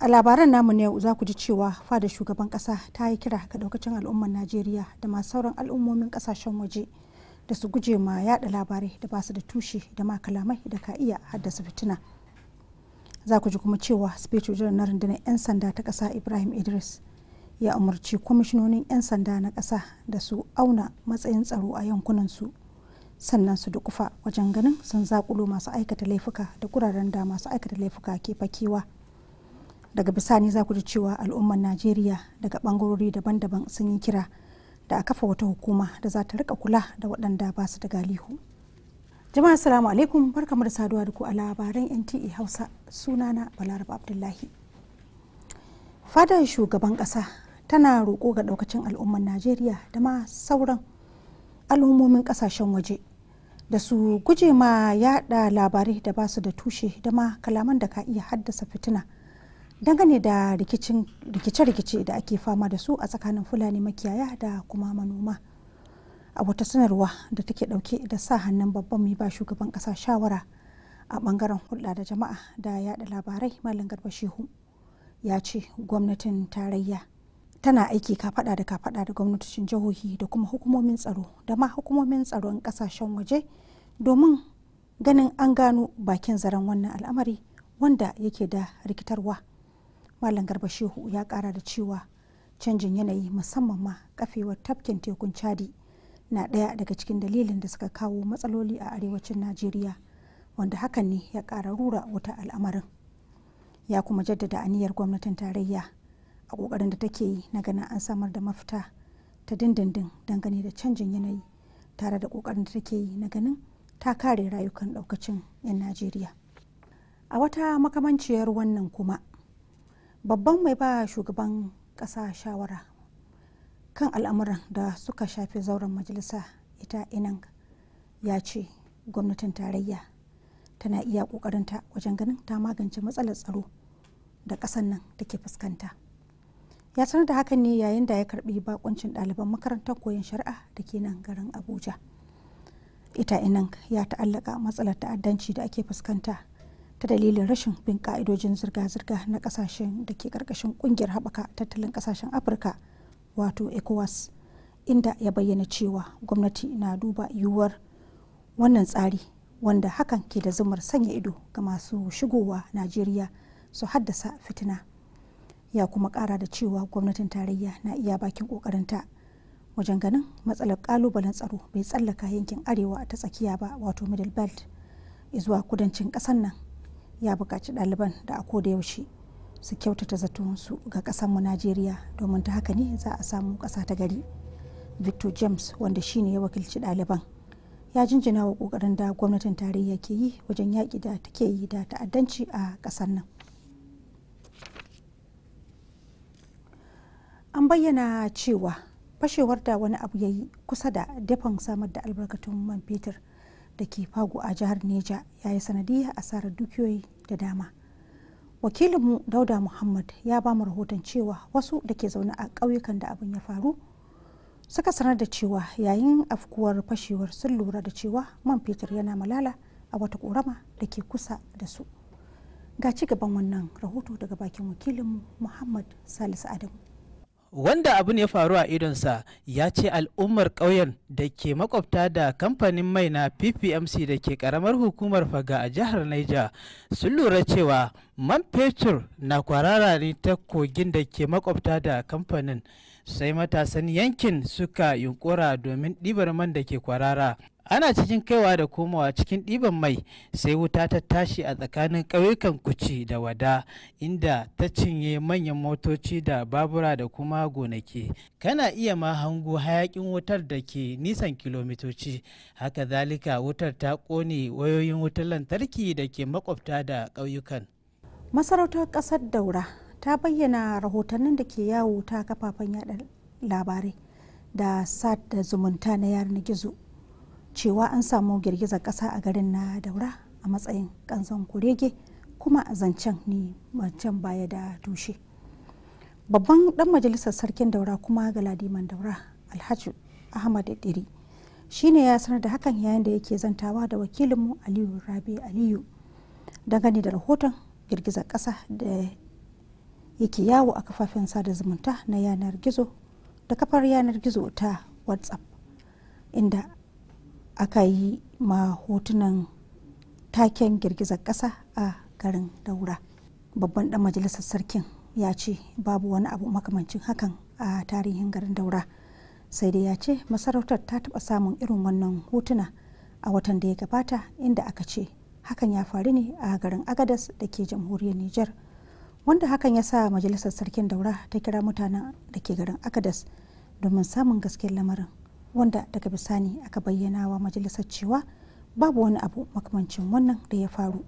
a labaran namu na za ku ji cewa fada shugaban kasa ta yi kira ga daukacin al'umman najeriya da masu sauran al'ummomin kasashen waje da su guje ma yada labarai da ba su da tushe da ma kalamai da ka iya haddasa fitina za ku ji kuma cewa spiritual jiran na rundunar 'yan sanda ta kasa ibrahim idris ya umarci kwamishinonin 'yan sanda na kasa da su auna matsayin tsaro a yankunan su sannan su dukufa wajen ganin sun zakulo masu aikata laifuka da guraren da masu aikata laifuka ke fakewa. daga bisani za ku ji cewa al'ummar najeriya daga bangarori daban-daban sun yi kira da a kafa wata hukuma da za ta rika kula da waɗanda ba su da galihu jama'a assalamu alaikum barkamu da saduwa da ku a labaran nta hausa sunana balaraba abdullahi fadar shugaban ƙasa tana roƙo ga ɗaukacin al'ummar najeriya da ma sauran al'ummomin ƙasashen waje da su guje ma yada labarai da ba su da tushe da ma kalaman da ka iya haddasa fitina dangane da rikice-rikice da ake fama da su a tsakanin fulani makiyaya da kuma manoma a wata sanarwa da take dauke da sa hannun babban mai ba shugaban kasa shawara a bangaren hulɗa da jama'a da yada labarai malam garba shehu ya ce gwamnatin tarayya tana aiki kafada da kafada da gwamnatocin jihohi da kuma hukumomin tsaro da ma hukumomin tsaron kasashen waje domin ganin an gano bakin zaren wannan al'amari wanda yake da rikitarwa malam garba shehu ya kara da cewa canjin yanayi musamman ma kafewar tafkin tekun chadi na ɗaya daga cikin dalilin da suka kawo matsaloli a arewacin najeriya wanda hakan ne ya kara rura wata al'amarin ya kuma jaddada aniyar gwamnatin tarayya a ƙoƙarin da take yi na ganin an samar da mafita ta dindindin dangane da canjin yanayi tare da ƙoƙarin da take yi na ganin ta kare rayukan ɗaukacin 'yan najeriya a wata makamanciyar wannan kuma babban mai ba shugaban kasa shawara kan al'amuran da suka shafi zauren majalisa ita inan ya ce gwamnatin tarayya tana iya ta wajen ganin ta magance matsalar tsaro da kasan nan take fuskanta ya sanar da hakan ne yayin da ya karbi bakuncin ɗaliban makarantar koyon shari'a da ke nan garin abuja ita inan ya ta'allaka matsalar ta'addanci da ake fuskanta ta dalilin rashin bin ka'idojin zirga-zirga na kasashen da ke karkashin kungiyar haɓaka tattalin kasashen afirka wato ecowas inda ya bayyana cewa gwamnati na duba yiwuwar wannan tsari wanda hakan ke da zumar sanya ido ga masu shigowa najeriya su haddasa fitina ya kuma kara da cewa gwamnatin tarayya na iya bakin kokarinta wajen ganin matsalar kalubalen tsaro bai tsallaka yankin arewa ta tsakiya ba wato middle belt zuwa kudancin ƙasar nan ya buƙaci ɗaliban da a koda yaushe su kyautata zato su ga ƙasarmu najeriya domin ta haka ne za a samu ƙasa ta gari victor james wanda shi ne ya wakilci ɗaliban ya jinjina wa ƙoƙarin da gwamnatin tarayya ke yi wajen yaƙi da ke yi da ta'addanci a ƙasar nan an bayyana cewa fashewar da wani abu ya yi kusa da dafan samar da albarkatun man fetur da ke fago a jihar neja ya yi sanadiyar asarar dukiyoyi da dama wakilinmu dauda muhammad ya ba mu rahoton cewa wasu da ke zaune a ƙauyukan da abin ya faru suka sanar da cewa yayin afkuwar fashewar sun lura da cewa man fetur yana malala a wata ƙorama da ke kusa da su ga ci gaban wannan rahoto daga bakin wakilinmu muhammad salisu adamu wanda abin ya faru a idonsa ya ce al'ummar ƙauyen da ke makwabta da kamfanin mai na ppmc da ke karamar hukumar faga a jihar niger sun lura cewa man fetur na kwarara ne ta kogin da ke makwabta da kamfanin sai matasan yankin suka yunkura domin ɗibar man da ke kwarara ana cikin kaiwa da komawa cikin ɗiban mai sai wuta ta tashi a tsakanin ƙauyukan kuci da wada inda ta cinye manyan motoci da babura da kuma gonaki kana iya ma hango hayakin wutar da ke nisan kilomitoci haka zalika wutar ta ƙone wayoyin wutar lantarki da ke makwabta da ƙauyukan masarautar ƙasar daura ta bayyana rahotannin da ke yawo ta kafafen yada labarai da sat da zumunta na yanar gizo cewa an samu girgizar ƙasa a garin na daura a matsayin kanzon kurege kuma a zancen ne wancan baya da tushe babban dan majalisar sarkin daura kuma galadiman daura alhaji ahmad shi ne ya sanar da hakan yayin da yake zantawa da wakilinmu aliyu rabi aliyu dangane da rahoton girgizar ƙasa da yake yawo a kafafen sada zumunta na yanar gizo da kafar yanar gizo ta whatsapp inda aka yi ma hotunan taken girgizar ƙasa a garin daura babban dan majalisar sarkin ya ce babu wani abu makamancin hakan a tarihin garin daura sai dai ya ce masarautar ta taɓa samun irin wannan hotuna a watan da ya gabata inda aka ce hakan ya faru ne a garin agadas da ke jamhuriyar niger wanda hakan ya sa majalisar sarkin daura ta kira mutanen da ke garin agadas domin samun gaskiyar lamarin wanda daga bisani aka bayyana wa majalisar cewa babu wani abu makamancin wannan da ya faru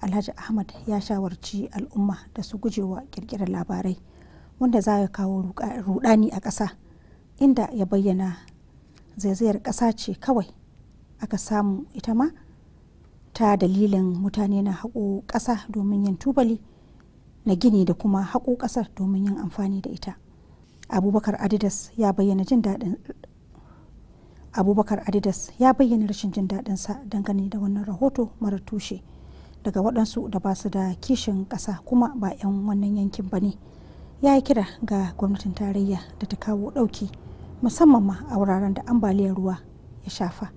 alhaji ahmad ya shawarci al'umma da su gujewa kirkirar labarai wanda za ya kawo rudani a ƙasa inda ya bayyana zaizayar ƙasa ce kawai aka samu ita ma ta dalilin mutane na haƙo ƙasa domin yin tubali na gini da kuma haƙo ƙasar domin yin amfani da ita abubakar adidas ya bayyana jin daɗin abubakar adidas ya bayyana rashin jin daɗinsa dangane da wannan rahoto mara tushe daga waɗansu da ba su da kishin ƙasa kuma ba 'yan wannan yankin ba ne ya yi kira ga gwamnatin tarayya da ta kawo ɗauki musamman ma a wuraren da ambaliyar ruwa ya shafa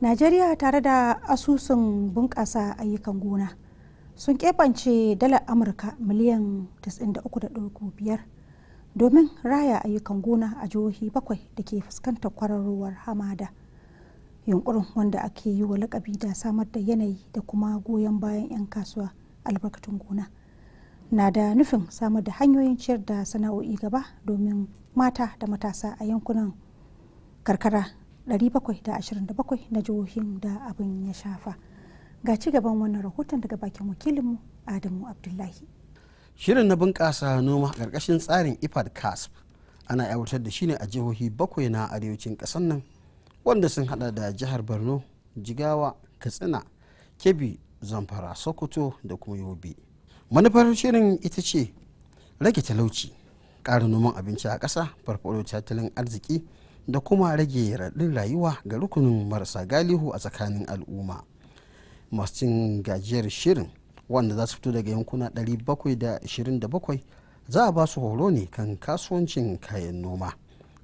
najeriya tare da asusun bunƙasa ayyukan gona sun keɓance dalar amurka miliyan 93.5 domin raya ayyukan gona a jihohi bakwai da ke fuskantar kwararowar hamada yunkurin wanda ake yi wa lakabi da samar da yanayi da kuma goyon bayan 'yan kasuwa albarkatun gona na da nufin samar da hanyoyin ciyar da sana'o'i gaba domin mata da matasa a yankunan karkara 727 na jihohin da abin ya shafa ga ci gaban wannan rahoton daga bakin wakilinmu adamu abdullahi shirin na bunƙasa noma ƙarƙashin tsarin ipad casp ana aiwatar da shi ne a jihohi bakwai na arewacin ƙasar nan wanda sun hada da jihar borno jigawa katsina kebi zamfara sokoto da kuma yobe manufar shirin ita ce rage talauci ƙara noman abinci a ƙasa farfaɗo tattalin arziki da kuma rage raɗin rayuwa ga rukunin marasa galihu a tsakanin al'umma masu cin gajiyar shirin wanda za su fito daga yankuna 727 za a ba su horo ne kan kasuwancin kayan noma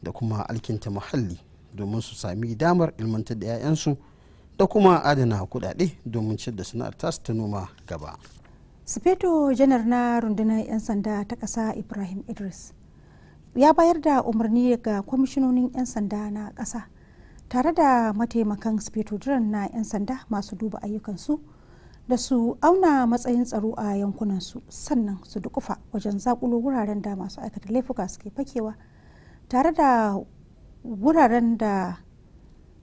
da kuma alkinta muhalli domin su sami damar ilmantar da 'ya'yansu da kuma adana kudade domin ciyar da sana'ar tasu ta noma gaba sufeto janar na rundunar 'yan sanda ta ƙasa ibrahim idris ya bayar da umarni ga kwamishinonin 'yan sanda na ƙasa tare da mataimakan sufeto janar na 'yan sanda masu duba ayyukansu da su auna matsayin tsaro a yankunansu sannan su dukufa wajen zakulo wuraren da masu aikata laifuka suke fakewa tare da wuraren da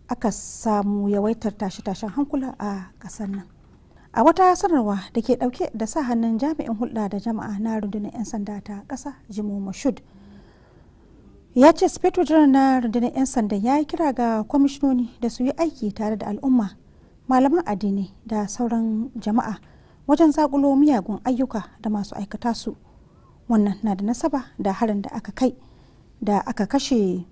aka samu yawaitar tashe-tashen hankula a kasar nan a wata sanarwa da ke dauke da sa hannun jami'in hulɗa da jama'a na rundunar 'yan sanda ta ƙasa jimo mashud ya ce speto na rundunar 'yan sanda ya yi kira ga kwamishinoni da su yi aiki tare da al'umma malaman addini da sauran jama'a wajen zakulo miyagun ayyuka da masu aikata su wannan na da nasaba da harin da aka kai da aka kashe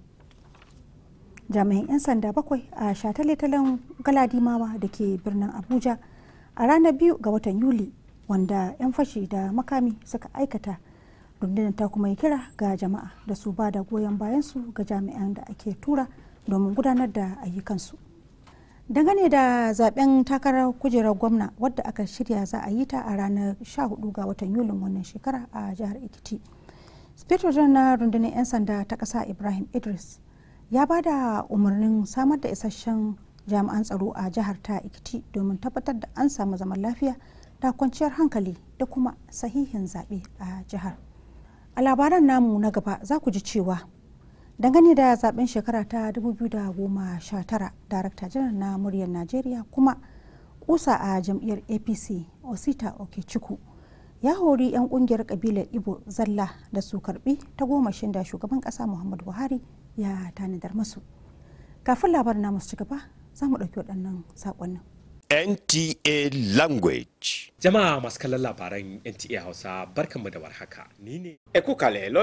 jami'an 'yan sanda bakwai a shataletalen galadimawa da ke birnin abuja a ranar biyu ga watan yuli wanda 'yan fashi da makami suka aikata rundunar ta kuma yi kira ga jama'a da su ba da goyon bayansu ga jami'an da ake tura domin gudanar da ayyukansu. dangane da zaben takarar kujerar gwamna wadda aka shirya za a yi ta a ranar 14 ga watan yulin wannan shekara a jihar ikiti spiritual na rundunar 'yan sanda ta ƙasa ibrahim idris ya ba da umarnin samar da isasshen jami'an tsaro a jihar ta ikiti domin tabbatar da an samu zaman lafiya da kwanciyar hankali da kuma sahihin zaɓe a jihar a labaran namu na gaba za ku ji cewa dangane da zaben shekara ta 2019 darakta janar na muryar najeriya kuma kusa a jam'iyyar apc osita okechukwu ya hori 'yan kungiyar kabilar ibo zalla da su karbi ta goma da shugaban kasa muhammadu buhari ya tanadar masu kafin labarin na masu ci gaba za mu ɗauki waɗannan saƙonnin NTA language. Jama'a NTA Hausa warhaka. Eko kale lo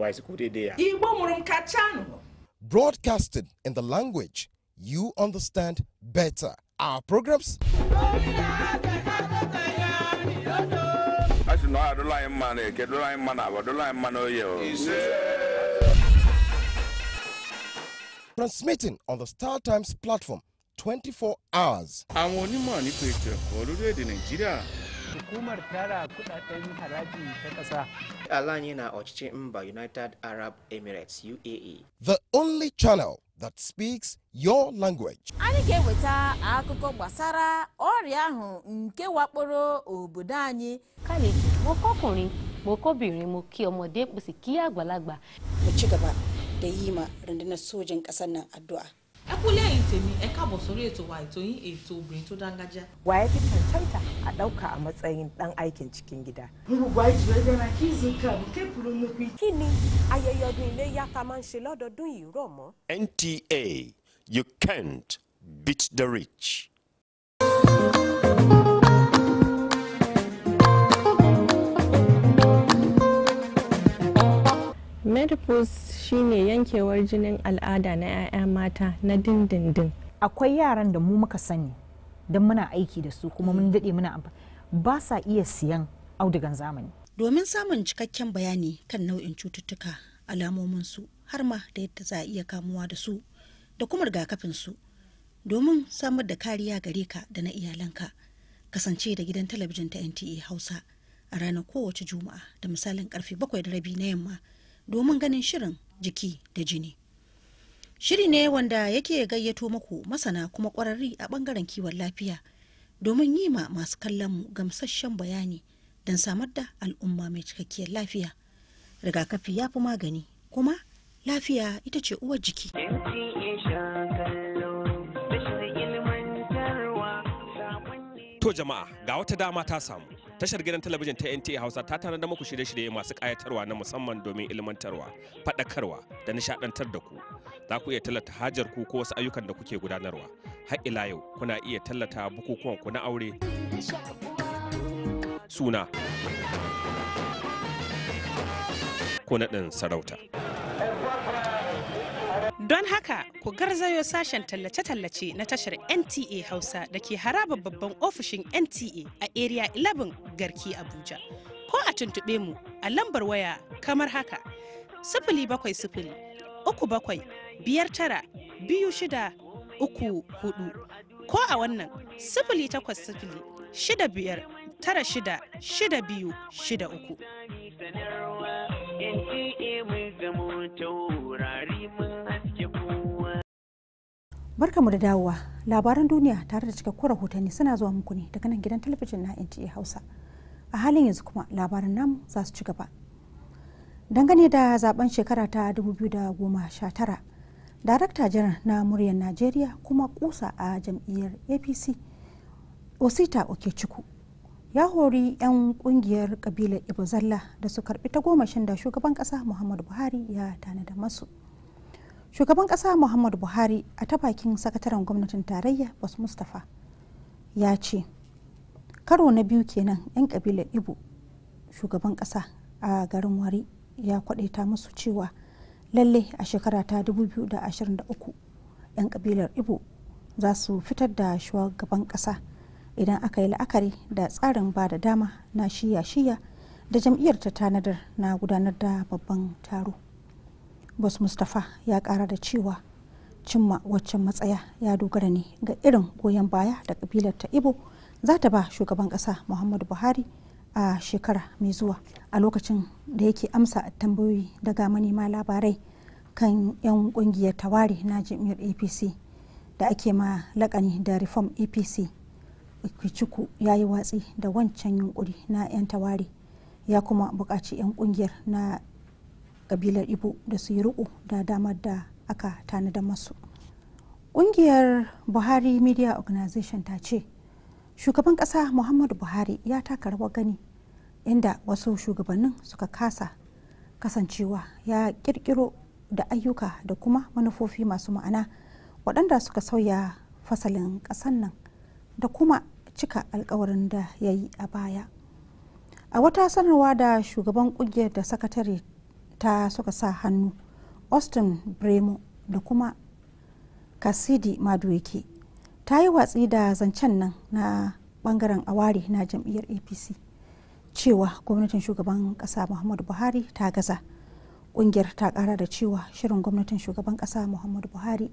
waisi murum kachano. Broadcasted in the language you understand better. Our programs. Transmitting on the Star Times platform 24 hours. àwọn onímọ̀ nípa ètò ẹ̀kọ́ lórílẹ̀‐èdè nàìjíríà. hukumar tara kudaden haraji ta kasa. alanyi na ọchịchị mba united arab emirates uae. the only channel that speaks your language. anyị ga-eweta akụkọ gbasara ọrịa ahụ nke wakporo obodo anyị. kálí mo kọkùnrin mo kọbìnrin mo kí ọmọdé mo kí àgbàlagbà. mo ci gaba da yi ma rundunar sojin ƙasar nan addu'a. ẹ kú lẹ́yìn tèmi ẹ káàbọ̀ sórí ètò wa ètò ètò obìnrin tó dángájá. waye fi cancanta a a matsayin ɗan aikin cikin gida. kí ni ayẹyẹ ọdún iléyá ta máa ń ṣe lọ́dọọdún yìí rọ̀ mọ́. NTA you can't beat the rich. Medicals. shine yankewar jinin al'ada na 'ya'ya mata na dindindin akwai yaran da mu muka sani don muna aiki da su kuma mun daɗe muna ba sa iya siyan audugan zamani domin samun cikakken bayani kan nau'in cututtuka alamominsu har ma da yadda za a iya kamuwa da su da kuma rigakafin su domin samar da kariya gare ka da na iyalanka kasance da gidan talabijin ta nta hausa a ranar kowace juma'a da misalin karfe bakwai da rabi na yamma domin ganin shirin jiki da jini shiri ne wanda yake gayyato muku masana kuma kwararri a bangaren kiwon lafiya domin yi ma masu kallon gamsasshen bayani don samar da al'umma mai cikakkiyar lafiya rigakafi ya fi magani kuma lafiya ita ce uwar jiki to jama'a ga wata dama ta samu tashar gidan talabijin ta NTA Hausa ta tana da muku shirye-shirye masu kayatarwa na musamman domin ilmantarwa, faɗakarwa da nishaɗantar da ku. Za ku iya tallata hajar ku ko wasu ayyukan da kuke gudanarwa. Har ila yau kuna iya tallata bukukuwan ku na aure. Suna. Ko naɗin sarauta. Don haka ku garzayo sashen tallace-tallace na tashar NTA Hausa da ke haraba babban ofishin NTA a Area 11 Garki Abuja. Ko a tuntuɓe mu a lambar waya kamar haka. Sifili bakwai sifili, uku bakwai, biyar tara, biyu shida, uku hudu. Ko a wannan sifili takwas sifili, shida biyar, tara shida, shida biyu, shida uku. barka mu da dawowa labaran duniya tare da cikakkun rahotanni suna zuwa muku ne daga nan gidan talabijin na NTA Hausa. A halin yanzu kuma labaran namu za su ci gaba. Dangane da zaben shekara ta 2019, Darakta Janar na muryar Najeriya kuma kusa a jam'iyyar APC Osita Okechukwu ya hori 'yan kungiyar kabilar Ibo Zalla da su karbi shan da shugaban kasa Muhammadu Buhari ya tanada masu. shugaban kasa muhammadu buhari a ta bakin sakataren gwamnatin tarayya bas mustapha ya ce karo na biyu kenan 'yan kabilar ibo shugaban kasa a garin wari ya kwadaita musu cewa lalle a shekara ta 2023 'yan kabilar ibo za su fitar da shugaban kasa idan aka yi la'akari da tsarin ba da dama na shiya-shiya da jam'iyyar ta tanadar na gudanar da babban taro. bas mustapha ya kara da cewa cimma waccan matsaya ya dogara ne ga irin goyon baya da kabilar ta ibo za ta ba shugaban kasa muhammadu buhari a shekara mai zuwa a lokacin da yake amsa tambayoyi daga manema labarai kan 'yan kungiyar taware na jami'ar apc da ake ma lakani da reform apc ikwichuku ya yi watsi da wancan yunkuri na 'yan taware ya kuma buƙaci 'yan kungiyar na kabilar ibo da su yi riko da damar da aka tanada masu ƙungiyar buhari media organization ta ce shugaban kasa muhammadu buhari ya taka rawar gani inda wasu shugabannin suka kasa kasancewa ya kirkiro da ayyuka da kuma manufofi masu ma'ana waɗanda suka sauya fasalin ƙasan nan da kuma cika alkawarin da ya yi a baya a wata sanarwa da shugaban kungiyar da sakatare ta suka sa hannu austin bremo da kuma kasidi maduweke ta yi watsi da zancen nan na bangaren aware na jam'iyyar apc cewa gwamnatin shugaban kasa muhammadu buhari ta gaza kungiyar ta kara da cewa shirin gwamnatin shugaban kasa muhammadu buhari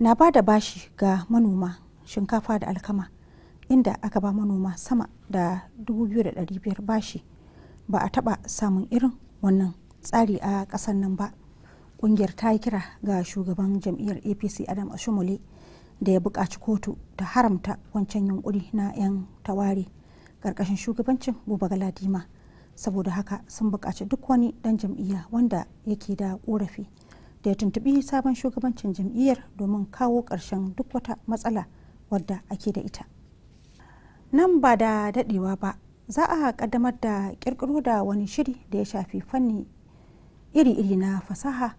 na ba da bashi ga manoma shinkafa da alkama inda aka ba manoma sama da 2,500 bashi ba a taba samun irin wannan tsari a ƙasar nan ba ƙungiyar ta yi kira ga shugaban jam'iyyar apc adam ashimole da ya buƙaci kotu ta haramta wancan yunkuri na 'yan taware ƙarƙashin shugabancin buba galadima saboda haka sun buƙaci duk wani ɗan jam'iyya wanda yake da ƙorafi da ya tuntuɓi sabon shugabancin jam'iyyar domin kawo ƙarshen duk wata matsala wadda ake da ita nan ba da daɗewa ba za a ƙaddamar da ƙirƙiro da wani shiri da ya shafi fanni iri-iri na fasaha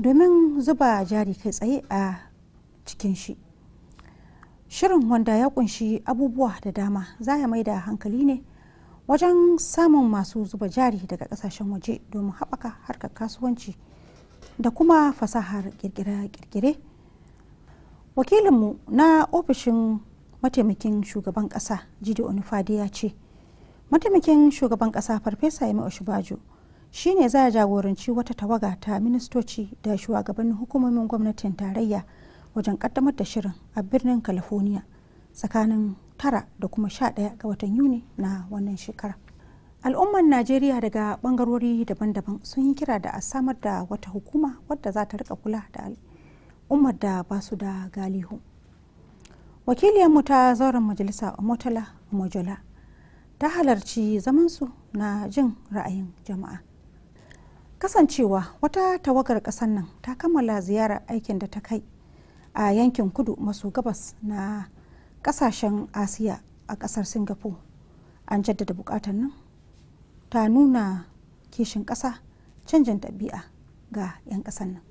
domin zuba jari kai tsaye a cikin shi shirin wanda ya kunshi abubuwa da dama za ya mai da hankali ne wajen samun masu zuba jari daga kasashen waje domin haɓaka harkar kasuwanci da kuma fasahar kirkire-kirkire wakilinmu na ofishin mataimakin shugaban ƙasa jide onufade ya ce mataimakin shugaban ƙasa farfesa yami oshibajo shi ne za a jagoranci wata tawaga ta ministoci da shugabannin hukumomin gwamnatin tarayya wajen kaddamar da shirin a birnin california tsakanin tara da kuma sha ɗaya ga watan yuni na wannan shekara al'ummar najeriya daga bangarori daban-daban sun yi kira da a samar da wata hukuma wadda za ta rika kula da al'ummar da ba su da galihu wakiliyarmu ta zauren majalisa a motala mojola ta halarci zamansu na jin ra'ayin jama'a kasancewa wata tawagar ƙasar nan ta kammala ziyarar aikin da ta kai a yankin kudu maso gabas na ƙasashen asiya a ƙasar singapore an jaddada buƙatar nan ta nuna kishin ƙasa canjin ɗabi'a ga 'yan ƙasar nan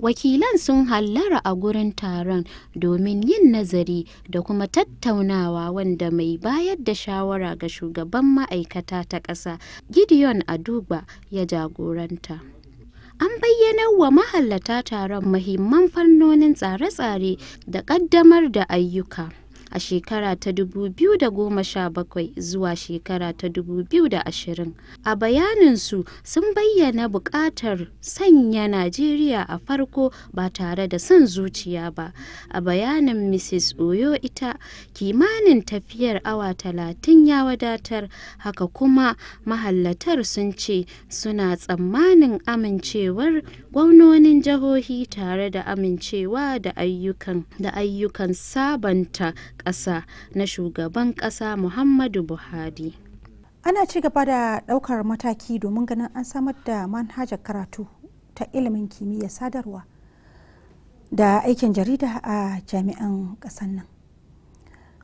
wakilan sun hallara a gurin taron domin yin nazari da kuma tattaunawa wanda mai bayar da shawara ga shugaban ma'aikata ta ƙasa gideon aduba ya jagoranta an bayyana wa mahallata taron mahimman fannonin tsare-tsare da ƙaddamar da ayyuka a shekara ta 2017 zuwa shekara ta 2020. A bayaninsu sun bayyana buƙatar sanya Najeriya a farko ba tare da son zuciya ba. A bayanin Mrs. Oyo ita kimanin tafiyar awa talatin ya wadatar haka kuma mahallatar sun ce suna tsammanin amincewar gwamnonin jihohi tare da amincewa da ayyukan da ayyukan sabanta ƙasa na shugaban ƙasa Muhammadu Buhari. Ana ci gaba da ɗaukar mataki domin ganin an samar da manhajar karatu ta ilimin kimiyya sadarwa da aikin jarida a jami'an ƙasar nan.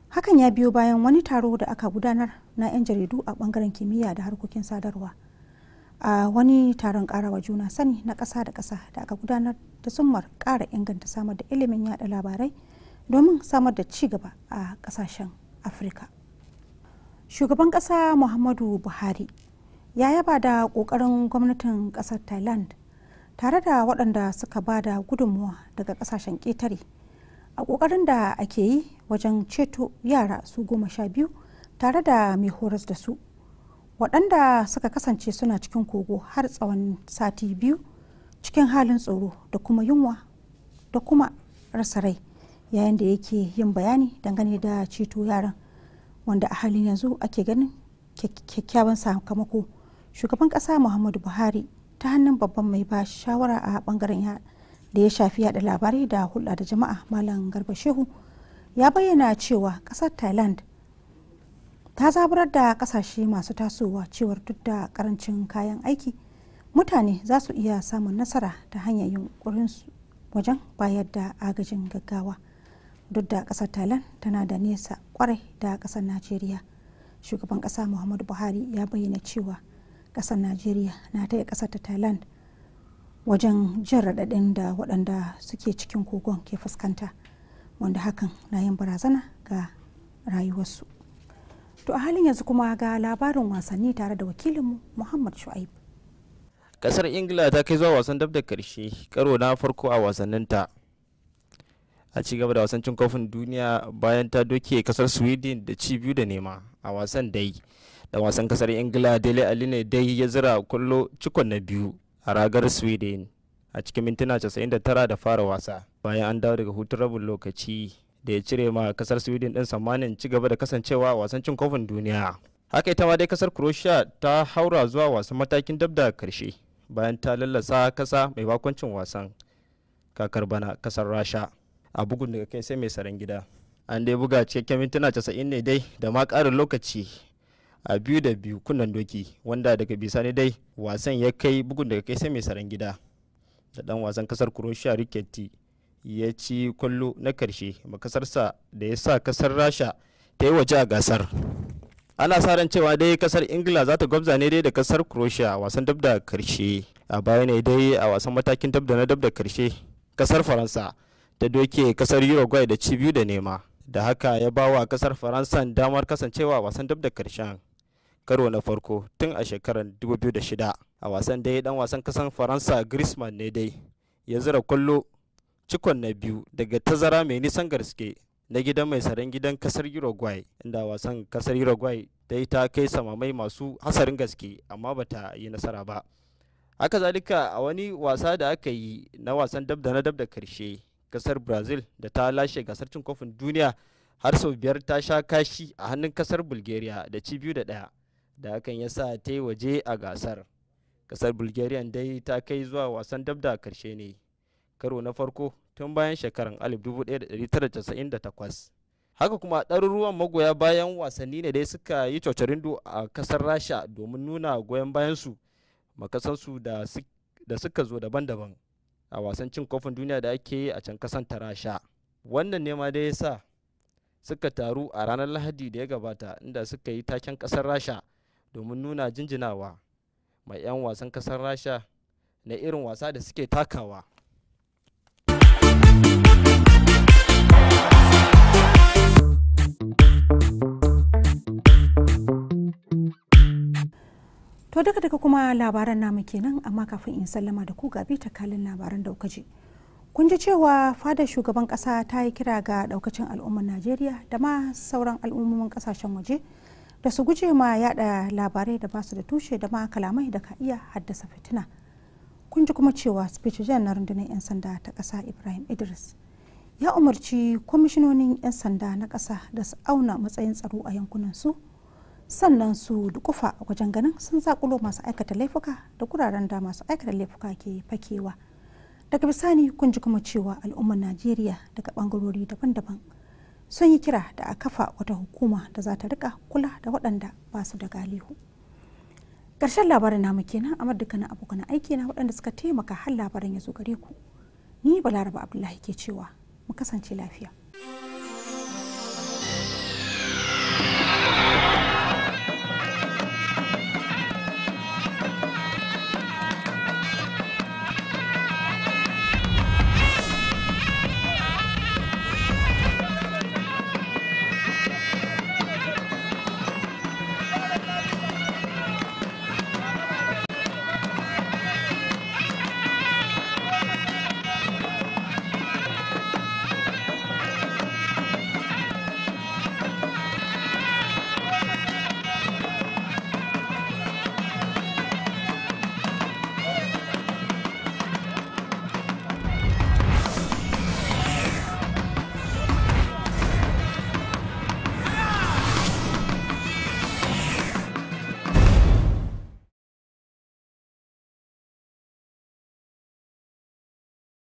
Hakan ya biyo bayan wani taro da aka gudanar na 'yan jaridu a ɓangaren kimiyya da harkokin sadarwa. a wani taron karawa juna sani na ƙasa da ƙasa da aka gudanar da summar ƙara inganta samar da ilimin yada labarai domin samar da ci gaba a kasashen afirka shugaban kasa muhammadu buhari ya yaba da kokarin gwamnatin kasar thailand tare da waɗanda suka ba da gudunmuwa daga kasashen ƙetare a kokarin da ake yi wajen ceto yara su goma sha biyu tare da mai horas da su waɗanda suka kasance suna cikin kogo har tsawon sati biyu cikin halin tsoro da kuma yunwa da kuma rasa rai yayin da yake yin bayani dangane da ceto yaran wanda a halin yanzu ake ganin kyakkyawan sakamako shugaban kasa muhammadu buhari ta hannun babban mai ba shawara a bangaren da ya shafi yada labarai da hulɗa da jama'a malam garba shehu ya bayyana cewa kasar thailand ta zaburar da kasashe masu tasowa cewar duk da karancin kayan aiki mutane za su iya samun nasara ta hanyar yunkurinsu wajen bayar da agajin gaggawa duk da kasar thailand tana da nesa kwarai da kasar najeriya shugaban kasa muhammadu buhari ya bayyana cewa kasar najeriya na taya kasar ta thailand wajen jin raɗaɗin da waɗanda suke cikin kogon ke fuskanta wanda hakan na yin barazana ga rayuwarsu to a halin yanzu kuma ga labarin wasanni tare da wakilinmu muhammad shu'aib kasar ingila ta kai zuwa wasan dab da karshe karo na farko a wasanninta a ci gaba da wasan cin kofin duniya bayan ta doke kasar sweden da ci biyu da nema a wasan dai da wasan kasar ingila dele ali ne dai ya zira kullo cikon na biyu a ragar sweden a cikin mintuna 99 da fara wasa bayan an dawo daga hutun rabin lokaci da ya cire ma kasar sweden din samanin ci gaba da kasancewa wasan cin kofin duniya haka ita ma dai kasar croatia ta haura zuwa wasan matakin dab da karshe bayan ta lallasa kasa mai bakoncin wasan kakar bana kasar rasha a bugun daga kai sai mai saran gida an dai buga cikakken mintuna casa'in ne dai da ma karin lokaci a biyu da biyu kunnan doki wanda daga bisani dai wasan ya kai bugun daga kai sai mai saran gida da dan wasan kasar croatia riketi ya ci kwallo na karshe makasarsa da ya sa kasar rasha ta yi waje a gasar ana sa ran cewa dai kasar ingila za ta gwabza ne dai da kasar croatia wasan dab da karshe a baya ne dai a wasan matakin dab da na dab da karshe kasar faransa da doke kasar uruguay da ci biyu da nema da haka ya ba wa kasar faransa damar kasancewa wasan dab da karshen karo na farko tun a shekarar 2006 a wasan dai dan wasan kasar faransa griezmann ne dai ya zira kwallo cikon na biyu daga tazara mai nisan gaske na gidan mai tsaron gidan kasar uruguay inda wasan kasar uruguay dai ta kai samamai masu hasarin gaske amma bata yi nasara ba haka zalika a wani wasa da aka yi na wasan dab da na dab da karshe kasar brazil da ta lashe gasar cin kofin duniya har sau biyar ta sha kashi a hannun kasar bulgaria da ci biyu da daya da hakan ya sa ta yi waje a gasar kasar bulgaria dai ta kai zuwa wasan dabda karshe ne karo na farko tun bayan shekarar 1998 haka kuma ɗaruruwan magoya bayan wasanni ne dai suka yi cocorindo a kasar rasha domin nuna goyon bayansu makasansu da suka zo daban-daban a wasan cin kofin duniya da ake yi a can kasan tarasha wannan ne ma da ya sa suka taru a ranar lahadi da ya gabata inda suka yi taken kasar rasha domin nuna jinjinawa mai 'yan wasan kasar rasha na irin wasa da suke takawa To duka daga kuma labaran namu kenan amma kafin in sallama da ku ga kalin labaran da kuka ji. Kun ji cewa fadar shugaban kasa ta yi kira ga daukacin al'ummar Najeriya da ma sauran al'ummomin kasashen waje da su guje ma yada labarai da basu da tushe da ma kalamai da ka iya haddasa fitina. Kun ji kuma cewa speechjan na rundunar 'yan sanda ta kasa Ibrahim Idris ya umarci kwamishinonin 'yan sanda na kasa da su auna matsayin tsaro a yankunan su sannan su dukufa wajen ganin sun zakulo masu aikata laifuka da guraren da masu aikata laifuka ke fakewa daga bisani kun ji kuma cewa al'ummar najeriya daga bangarori daban-daban sun yi kira da a kafa wata hukuma da za ta rika kula da waɗanda ba su da galihu ƙarshen labarin namu kenan a dukkanin abokan aiki na waɗanda suka taimaka har labarin ya zo gare ku ni balaraba abdullahi ke cewa mu kasance lafiya